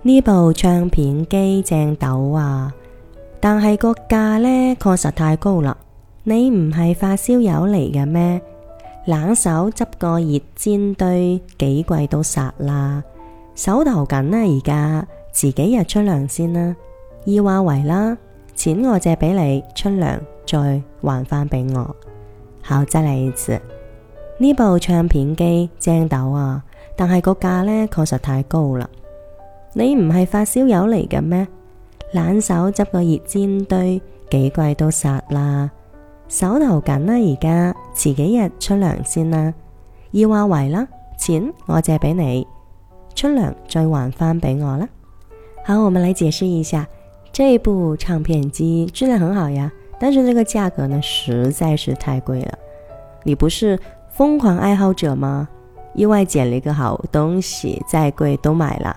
呢部唱片機正斗啊，但係個價咧確實太高啦。你唔係發燒友嚟嘅咩？冷手執個熱煎堆，幾貴都殺啦。手頭緊啊，而家遲幾日出糧先啦，易話為啦，錢我借俾你，出糧再還返俾我。好，再嚟一次。呢部唱片機正斗啊，但係個價咧確實太高啦。你唔係發燒友嚟嘅咩？冷手執個熱煎堆，幾貴都殺啦。手頭緊啦，而家遲幾日出糧先啦。易話為啦，錢我借俾你，出糧再還返俾我啦。好，我們來解釋一下，這部唱片機質量很好呀，但是這個價格呢實在是太貴了。你不是瘋狂愛好者嗎？意外撿了一個好東西，再貴都買了。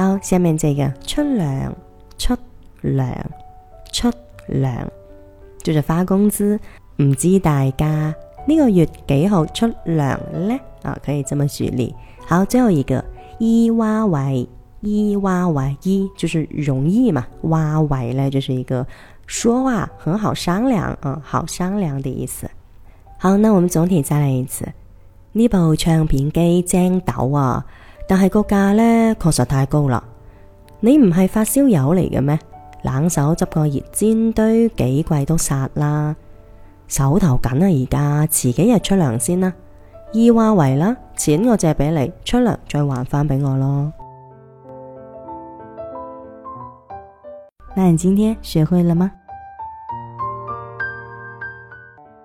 好下面這個出糧出糧出糧，就是發工資。唔知大家呢個月幾號出糧呢？啊，可以這麼舉例。好，最後一個易話為易話為易，就是容易嘛。話為呢，就是一個說話很好商量啊，好商量的意思。好，那我們總體再來一次，呢部唱片機正斗啊。但係個價呢確實太高啦！你唔係發燒友嚟嘅咩？冷手執個熱煎堆，幾貴都殺啦！手頭緊啊，而家遲幾日出糧先啦，易話為啦，錢我借俾你，出糧再還返俾我咯。那你今天學會了嗎？